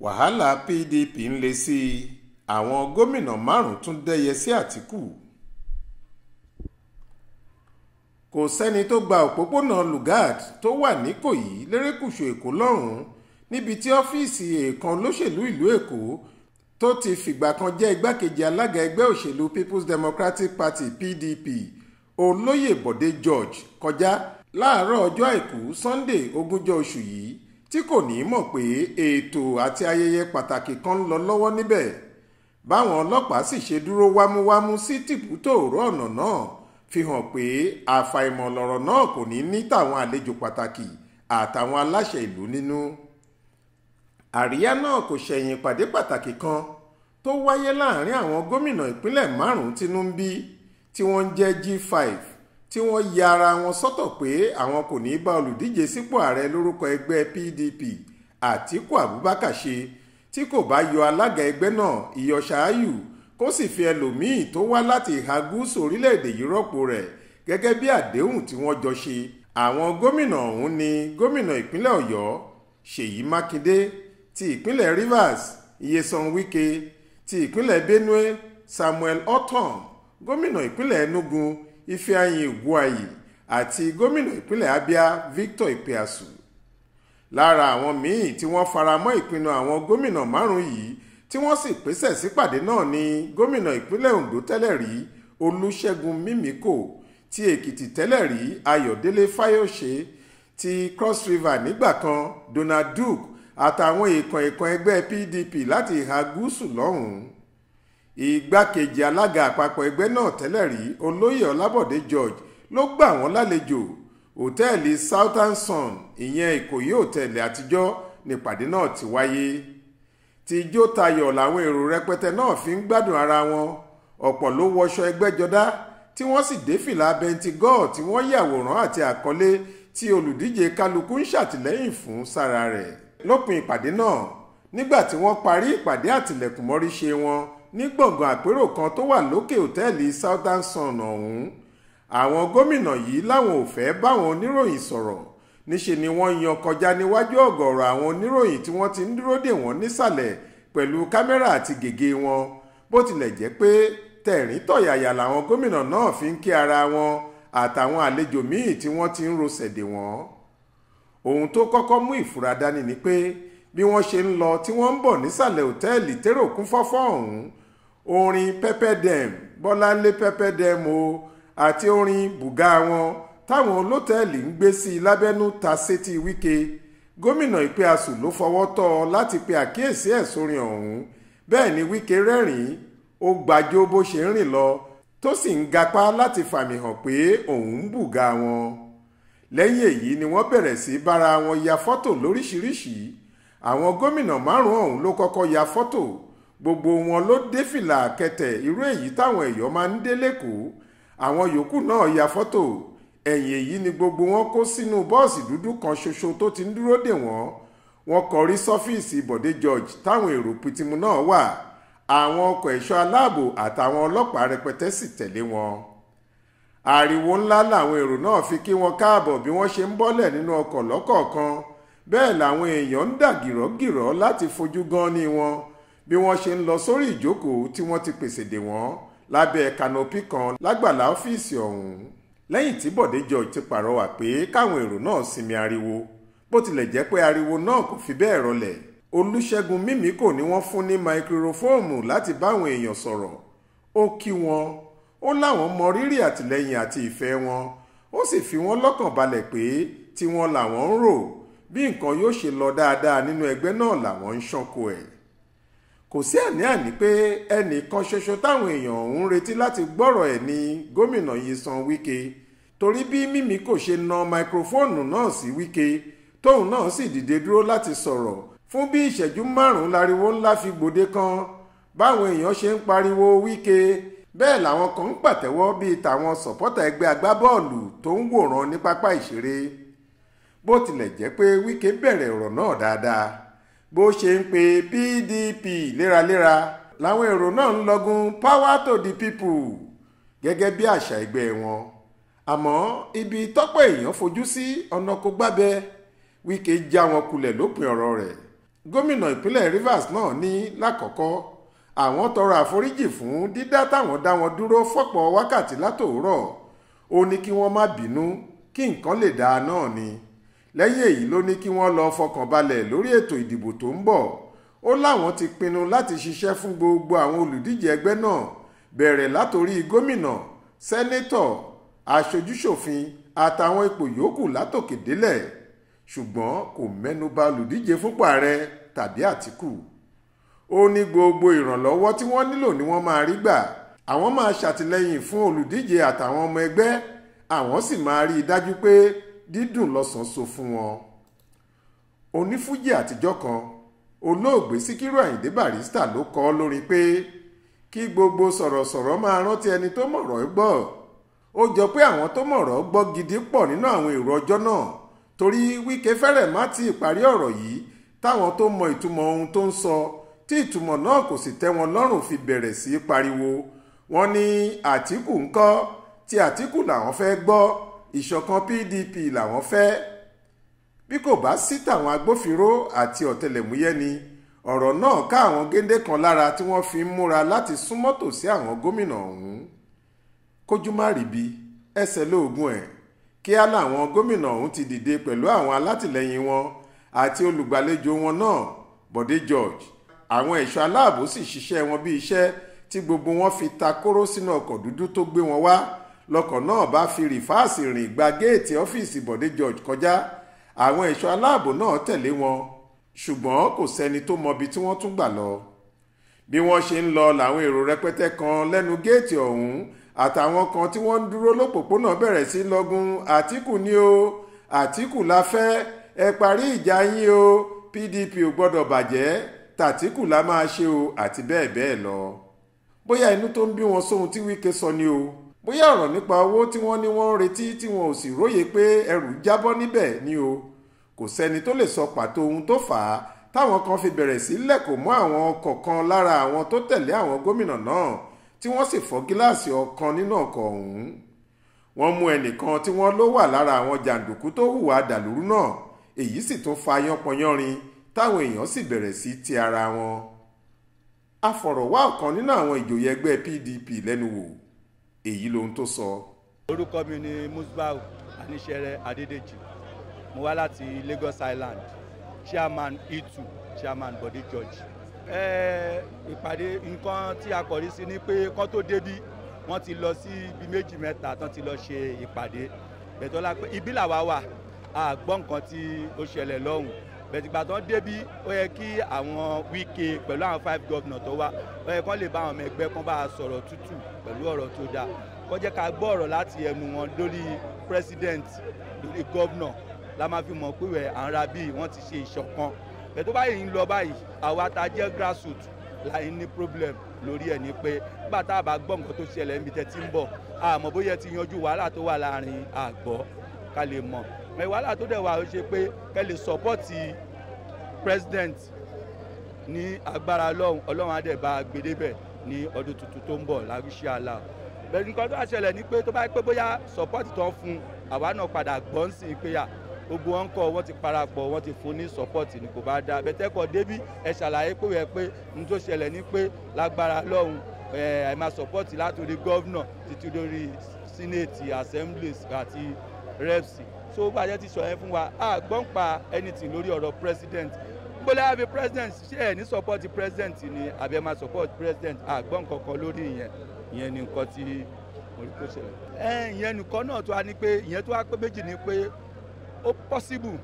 wàhálà pdp ń le sí i àwọn gómìnà márùn-ún tún dẹ́yẹ sí àtìkù kò sẹ́ni tó gba òpópónà lugard tó wà níkòyí lérékùṣù èkó lọ́hùn-ún níbi tí ọ́fíìsì èèkan olóṣèlú ìlú èkó tó ti fìgbà kan jẹ́ igbákejì alága ẹgbẹ́ òṣèlú people's democratic party pdp olóyè bọ̀dé george kọjá láàárọ̀ ọjọ́ àìkú sunday ogúnjọ́ oṣù yìí tí kò ní mọ̀ pé ètò àti ayẹyẹ pàtàkì kan ń lọ lọ́wọ́ níbẹ̀ báwọn ọlọ́pàá sì ṣe dúró wámúwámú sí tìbútò òró ọ̀nà náà fi hàn pé àfàìmọ̀ lọ̀rọ̀ náà kò ní ní tàwọn àlejò pàtàkì àtàwọn aláṣẹ ìlú nínú àríyá náà kò ṣẹ̀yìn ìpàdé pàtàkì kan tó wáyé láàrin àwọn gómìnà ìpínlẹ̀ márùn-ún tínú tí wọ́n ń jẹ́ G5 tí wọ́n ya ara wọn sọ́tọ̀ pé àwọn kò ní í bá olùdíje sípò ààrẹ lórúkọ ẹgbẹ́ PDP Àtíkù Abubakar ṣe tí kò bá yọ alága ẹgbẹ́ náà Iyọ Ṣááyù kó sì fi ẹlòmíín tó wá láti ìhà gúúsù orílẹ̀-èdè yìí rọ́pò rẹ̀ gẹ́gẹ́ bí àdéhùn tí wọ́n jọ ṣe àwọn gómìnà ọ̀hún ni gómìnà ìpínlẹ̀ Ọ̀yọ́ Ṣèyí Mákindé ti ìpínlẹ̀ Rivers Iyesan Wike ti ìpínlẹ̀ Benue Samuel Ortom gómìnà ìpínlẹ̀ Enugu ifeanyi iguayi àti gómìnà ìpínlẹ̀ abia victor ipeasu lára àwọn míì tí wọ́n faramọ́ ìpinnu àwọn gómìnà márùn-ún yìí tí wọ́n sì pèsè sípàdé náà ni gómìnà ìpínlẹ̀ ondo tẹ́lẹ̀ rí olúṣẹ́gun mímíkò ti èkìtì tẹ́lẹ̀ rí ayọ̀délé fáyọ̀ṣe ti cross river nígbà kan donald duke àtàwọn èèkàn èèkàn ẹgbẹ́ pdp láti ìhà gúúsù lọ́hùn-ún igbákejì alága àpapọ̀ ẹgbẹ́ náà tẹ́lẹ̀ rí olóyè ọlábọ̀dé george ló gbà wọ́n lálejò òtẹ́ẹ̀lì southern sun ìyẹn ìkòyí òtẹ́ẹ̀lì àtijọ́ nípàdé náà ti wáyé tijó tayọ̀ làwọn èrò rẹpẹtẹ náà fi ń gbádùn ara wọn ọ̀pọ̀ ló wọṣọ ẹgbẹ́jọdá tí wọ́n sì dé fìlà bentigọ́ọ̀ tí wọ́n yàwòrán àti àkọlé tí olùdíje kálukú ń ṣàtìlẹ́yìn fún sára rẹ̀ lópin ìpàdé náà nígbà tí wọ́n parí ìpàdé àtìlẹ̀kùnmọ́rí ṣe wọn ní gbọ̀ngàn àpérò kan tó wà lókè òtẹ́ẹ̀lì southern sun ọ̀hún àwọn gómìnà yìí láwọn ò fẹ́ báwọn oníròyìn sọ̀rọ̀ níṣe ni wọ́n yan kọjá níwájú ọ̀gọ̀ọ̀rọ̀ àwọn oníròyìn tí wọ́n ti ń dúró dè wọ́n nísàlẹ̀ pẹ̀lú kámẹ́rà àti gègé wọn bó tilẹ̀ jẹ́ pé tẹ̀rín tọ̀yàyà làwọn gómìnà náà fi ń kí ara wọn àtàwọn àlejò míì tí wọ́n ti ń rosẹ̀ dè wọ́n ohun tó kọ́kọ́ mú ìfura dání ni pé bí wọ́n ṣe ń lọ tí wọ́n ń bọ̀ nísàlẹ̀ òtẹ́ẹ̀lì térò fọ́fọ́ ọ̀hún orin pepper dem bọ́láńlé pepper dem o àti orin bùgá wọn táwọn olótẹ́ẹ̀lì ń gbé sí i lábẹ́nú ta sétí wíkẹ́ gómìnà ìpè asù ló fọwọ́ tọ́ ọ láti pe àkíyèsí ẹ̀ sórin ọ̀hún bẹ́ẹ̀ ni wíkẹ́ rẹ́rìn-ín ó gbàjọ bó ṣe ń rìn lọ tó sì ń gapá láti fàmì hàn pé òun ń bùgá wọn lẹ́yìn èyí ni wọ́n bẹ̀rẹ̀ sí bára wọn ya fọ́tò lóríṣiríṣi àwọn gómìnà márùn-ún ọ̀hún ló kọ́kọ́ ya fọ́tò gbogbo wọn ló dé fìlà kẹtẹ irú èyí táwọn èèyàn máa ń dé lẹ́kọ̀ọ́ àwọn yòókù náà ya fọ́tò ẹ̀yìn èyí ni gbogbo wọn kó sínú bọ́ọ̀sì dúdú kan ṣoṣo tó ti ń dúró dè wọ́n wọn kọrí sọ́fíìsì Bọ̀dé George táwọn èrò pitimu náà wà àwọn ọkọ̀ ẹ̀ṣọ́ aláàbò àtàwọn ọlọ́pàá rẹpẹtẹ sì tẹ̀lé wọn ariwo ńlá làwọn èrò náà fi kí wọn káàbọ̀ bí wọ́n ṣe ń bọ́lẹ̀ nínú ọkọ̀ lọ́kọ̀ọ̀kan bẹ́ẹ̀ làwọn èèyàn ń dà gìrọ́gìrọ́ láti fojú gan ni wọn bí wọ́n ṣe ń lọ sórí ìjókòó tí wọ́n ti pèsè dè wọ́n lábẹ́ kanopi kan lágbàlá ọ́fíìsì ọ̀hún lẹ́yìn tí Bọ̀dé George ti pàrọwà pé káwọn èrò náà sinmi ariwo bó tilẹ̀ jẹ́ pé ariwo náà kò fi bẹ́ẹ̀ rọlẹ̀ Olúṣẹ́gun Mímíkò ni wọ́n fún ní máikrófóòmù láti báwọn èèyàn sọ̀rọ̀ ó kí wọn ó láwọn mọ rírì àtìlẹ́yìn àti ìfẹ́ wọn ó sì fi wọ́n lọ́kàn balẹ̀ pé tiwọn làwọn ń rò bí nǹkan yóò ṣe lọ dáadáa nínú ẹgbẹ́ náà làwọn ń ṣànkó ẹ̀ kò sí àní-àní pé ẹnìkan ṣoṣo táwọn èèyàn ń retí láti gbọ́rọ̀ ẹ̀ ní gómìnà Nyesom Wike torí bí mímí kò ṣe na máikrófóònù náà sí Wike tóun náà sì dìde dúró láti sọ̀rọ̀ fún bí ìṣẹ́jú márùn-ún láriwo ńlá fi gbòde kan báwọn èèyàn ṣe ń pariwo Wike bẹ́ẹ̀ làwọn kan ń pàtẹ́wọ́ bíi tàwọn sọ̀pọ́tà ẹgbẹ́ agbábọ́ọ̀lù tó ń wòran ní pápá ìṣeré bó tilẹ̀ jẹ́ pé Wike bẹ̀rẹ̀ ọ̀rọ̀ náà dáadáa bó ṣe ń pe PDP léraléra làwọn èrò náà ń lọgun power to the people gẹ́gẹ́ bí àṣà ẹgbẹ́ wọn àmọ́ ibi tọ́pọ̀ èèyàn fojú sí ọ̀nà kò gbábẹ́ Wike já wọn kulẹ̀ lópin ọ̀rọ̀ rẹ̀ gómìnà ìpínlẹ̀ Rivers náà ní lákọ̀ọ́kọ́ àwọn tọrọ àforíjì fún dídá táwọn dá wọn dúró fọ́pọ̀ wákàtí látòórọ̀ ó ní kí wọ́n má bínú kí nǹkan lè dáa náà ni lẹ́yìn èyí ló ní kí wọ́n lọ fọkàn balẹ̀ lórí ètò ìdìbò tó ń bọ̀ ó láwọn ti pinnu láti ṣiṣẹ́ fún gbogbo àwọn olùdíje ẹgbẹ́ náà bẹ̀rẹ̀ látòrí gómìnà sẹ́nétọ̀ aṣojúṣòfin àtàwọn ipò yòókù látòkè délẹ̀ ṣùgbọ́n kò mẹ́nuba olùdíje fúnpò ààrẹ tàbí àtìkù ó ní gbogbo ìrànlọ́wọ́ tí wọ́n nílò ni wọ́n máa rí gbà àwọn máa ṣàtìlẹ́yìn fún olùdíje àtàwọn ọmọ ẹgbẹ́ àwọn sì máa rí i dájú pé dídùn lọ́sàn-án so fún wọn onífújì àtijọ́ kan olóògbé síkírù àyìndé barista ló kọ ọ́ lórí pé kí gbogbo sọ̀rọ̀sọ̀rọ̀ máa rántí ẹni tó mọ̀rọ̀ gbọ́ ó jọ pé àwọn tó mọ̀rọ̀ gbọ́ gidi pọ̀ nínú àwọn èrò ọjọ́ náà torí wíkẹ́ fẹ́rẹ̀ má ti parí ọ̀rọ̀ yìí táwọn tó mọ ìtumọ̀ ohun tó ń sọ tí ìtumọ̀ náà kò sì tẹ́ wọn lọ́rùn fi bẹ̀rẹ̀ sí í pariwo wọ́n ní àtìkù ńkọ́ tí àtìkù làwọn fẹ́ gbọ́ ìṣọ̀kan PDP làwọn fẹ́ bí kò bá sí tàwọn agbófinró àti ọ̀tẹlẹ̀múyẹ́ ni ọ̀rọ̀ náà ká àwọn géńdé kan lára tí wọ́n fi ń múra láti súnmọ́ tòsí àwọn gómìnà ọ̀hún kójú má ríbi ẹsẹ̀ lóògùn ẹ̀ kíá làwọn gómìnà ọ̀hún ti dìde pẹ̀lú àwọn alátìlẹyìn wọn àti olùgbàlejò wọn náà Bọ̀dé George àwọn ẹ̀ṣọ́ aláàbò sì ṣiṣẹ́ wọn bí iṣẹ́ tí gbogbo wọn fi ta kóró sínú ọkọ̀ dúdú tó gbé wọn wá lọkọ̀ náà bá fi rìfáàsì rìn gba géètì ọ́fíìsì Bọ̀dé George kọjá àwọn ẹ̀ṣọ́ aláàbò náà tẹ̀lé wọn ṣùgbọ́n kò sẹ́ni tó mọbi tí wọ́n tún gbà lọ bí wọ́n ṣe ń lọ làwọn èrò rẹpẹtẹ kan lẹ́nu géètì ọ̀hún àtàwọn kan tí wọ́n ń dúró lópòpónà bẹ̀rẹ̀ sí lọ́gun Àtíkù ni o Àtíkù la fẹ́ ẹ parí ìjà yín o PDP ò gbọ́dọ̀ bàjẹ́ tàtíkù la máa ṣe o àti bẹ́ẹ̀ bẹ́ẹ̀ lọ bóyá inú tó ń bí wọn sóhun tí Wike sọ ni o bóyá ọ̀rọ̀ nípa owó tí wọ́n ní wọ́n ń retí tí wọn ò sì róye pé ẹrù jábọ́ níbẹ̀ ni o kò sẹ́ni tó lè sọ pàtó ohun tó fà á táwọn kan fi bẹ̀rẹ̀ sí lẹ̀kọ̀ mọ́ àwọn kọ̀ọ̀kan lára àwọn tó tẹ̀lé àwọn gómìnà náà tí wọ́n sì fọ́ gíláàsì ọ̀kan nínú ọkọ̀ ọ̀hún wọ́n mú ẹnìkan tí wọ́n ló wà lára àwọn jàǹdùkú tó hùwà dàlúrú náà èyí sì tún fa yánpọnyánrin táwọn èèyàn sì bẹ̀rẹ̀ sí ti ara wọn a ọ̀kan nínú àwọn ìjòyè ẹgbẹ́ PDP lẹ́nu wò èyí lohun tó sọ. orúkọ mi ni musbau aníṣẹrẹ adédèjì mo wá láti Lagos Island chairman itu e chairman body george ìpàdé nǹkan tí a kọ̀rí sí ni pé kán tó débí wọ́n ti lọ sí ibi méjì mẹ́ta tán ti lọ ṣe ìpàdé bẹ̀tọ́lá pé ibi làwa wà a gbọ́ nǹkan tí ó ṣẹlẹ̀ lọ́hùn-ún bẹ̀tìgbà tó ń débí ó yẹ kí àwọn Wike pẹ̀lú àwọn five governor tó wá ó yẹ kán lè bá àwọn ọmọ ẹgbẹ́ kan bá a sọ̀rọ̀ tútù pẹ̀lú ọ̀rọ̀ tó dáa kó jẹ́ ká gbọ́ ọ̀rọ̀ láti ẹnu wọn lórí president lórí governor la máa fi mọ̀ pé wẹ̀ à ń ra bíi wọ́n ti ṣe ìṣọ̀kan bẹ̀tọ́ báyìí ń lọ báyìí àwa ta jẹ́ grassroots láì ní problem lórí ẹ̀ ni pé nígbà tá a bá gbọ́ nǹkan tó ṣẹlẹ̀ níbi tẹ́ ti ń bọ̀ àmọ́ bóyá ti yanjú wàhálà tó wà láàrin àgbọ̀ ká lè mọ̀ wàhálà tó dẹ̀ wà ó ṣe pé kẹ́ lè sọ́pọ́ọ̀tì president ní agbára ọlọ́run ọlọ́run adẹ̀bá gbedebẹ̀ ní ọdún tuntun tó ń bọ̀ lágúṣẹ́ àlà bẹ̀rù nǹkan tó àṣẹlẹ̀ ni pé tó bá pẹ́ bóyá sọ́pọ́ọ̀tì tó ń fún àwa náà padà gbọ́n sí i pé yà gbogbo wọn kọ wọn ti parapọ̀ wọn ti fún ní sọ́pọ́ọ̀tì ni kò bá dáa bẹ́tẹ́kọ̀ débí ẹ ṣàlàyé pé yẹ pé ní tó ṣẹlẹ̀ ni pé lágbára ọlọ́run ẹ ẹ máa sọ́pọ́ọ̀tì látòrí gọ́vnà títí lórí sínẹ́ẹ̀tì assemblies àti rẹ́psì so bá a jẹ́ ti sọ yẹn fún wa a gbọ́n pa anything lórí ọ̀rọ̀ president gbọ́dọ̀ àbí president ṣé ẹ̀ ní support president ni àbí ẹ̀ máa support president a gbọ́n kankan lórí ìyẹn ìyẹn ni nǹkan tí mo rí kó ṣẹlẹ̀. ẹ ìyẹn nìkan náà tó a ní pé ìyẹn tó wá pé méjì ni pé ó possible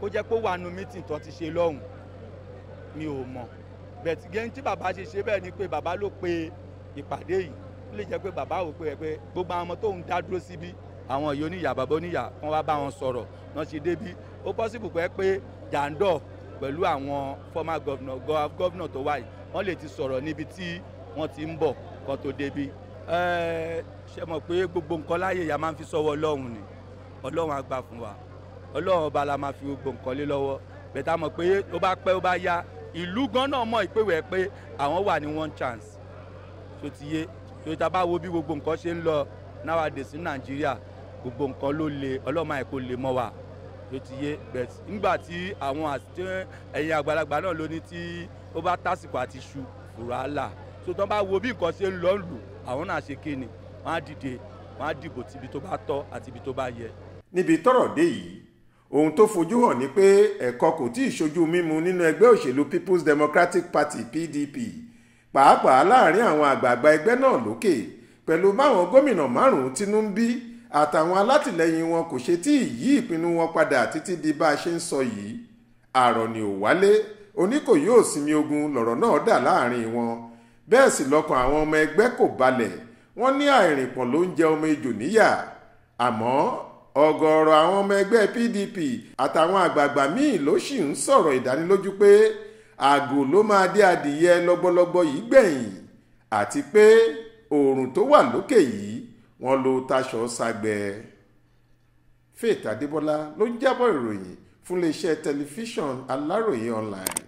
kó jẹ́ pé ó wà nù meeting tó ti ṣe lọ́hùn mi ò mọ̀ bẹ̀tì gẹ́gẹ́ tí bàbá ṣe ṣe bẹ́ẹ̀ ni pé bàbá ló pe ìpàdé yìí ó lè jẹ́ pé bàbá wò pé ẹ pé gbogbo àwọn ọmọ tóun dá dúró síbí àwọn ìyá oníyà bàbá oníyà wọ́n wá bá wọn sọ̀rọ̀ wọ́n ṣe débi ó pọ́sibù pé pé jàǹdọ̀ pẹ̀lú àwọn former governor governor tó wáyé wọ́n lè ti sọ̀rọ̀ níbi tí wọ́n ti ń bọ̀ kan tó débi ṣe mọ̀ pé gbogbo nǹkan láyè ìyá máa ń fi sọ́wọ́ ọlọ́run ni ọlọ́run á gbà fún wa ọlọ́run ọba la máa fi gbogbo nǹkan lé lọ́wọ́ bẹ̀tà mọ̀ pé ó bá pẹ́ ó bá yá ìlú gan náà mọ̀ ìpéwẹ̀ pé àwọn wà ní one chance tó ti yé tó ta bá wo bí gbogbo nǹkan ṣe ń lọ nowadays ní nàìjíríà gbogbo nǹkan ló le ọlọ́mọ àìkó lè mọ́ wa ló ti yé bẹ́ẹ̀ nígbà tí àwọn ẹ̀yìn àgbàlagbà náà ló ní tí ó bá tásìkò àti ṣu fúrálà tó tán bá wo bí nǹkan ṣe ń lọ lù àwọn náà ṣe kéne wọn á dìde wọn á dìbò tíbi tó bá tọ́ àti ibi tó bá yẹ. níbi tọ́rọ̀ dé yìí ohun tó fojú hàn ni pé ẹ̀kọ́ kò tí ì ṣojú mímu nínú ẹgbẹ́ òṣèlú People's Democratic Party PDP pàápàá láàrin àwọn àgbààgbà ẹgbẹ́ náà lókè pẹ̀lú báwọn gómìnà márùn-ún tínú ń bí àtàwọn alátìlẹyìn wọn kò ṣe tí ì yí ìpinnu wọn padà títí di bá a ṣe ń sọ yìí àrọ̀ ni ò wálé oníkòyí ò sinmi ogun lọ̀rọ̀ náà dà láàrin wọn bẹ́ẹ̀ sì lọ́kàn àwọn ọmọ ẹgbẹ́ kò balẹ̀ wọ́n ní àìrìnpọ̀ ló ń jẹ ọmọ ejò níyà àmọ́ ọ̀gọ̀ọ̀rọ̀ àwọn ọmọ ẹgbẹ́ PDP àtàwọn àgbààgbà míì ló sì ń sọ̀rọ̀ ìdánilójú pé àgò ló máa dé adìyẹ lọ́gbọ́lọ́gbọ́ yìí gbẹ̀yìn àti pé oòrùn tó wà lókè yìí wọ́n ló táṣọ ságbẹ́ Faith Adébọlá ló ń jábọ̀ ìròyìn fún iléeṣẹ́ tẹlifíṣàn Aláròye online.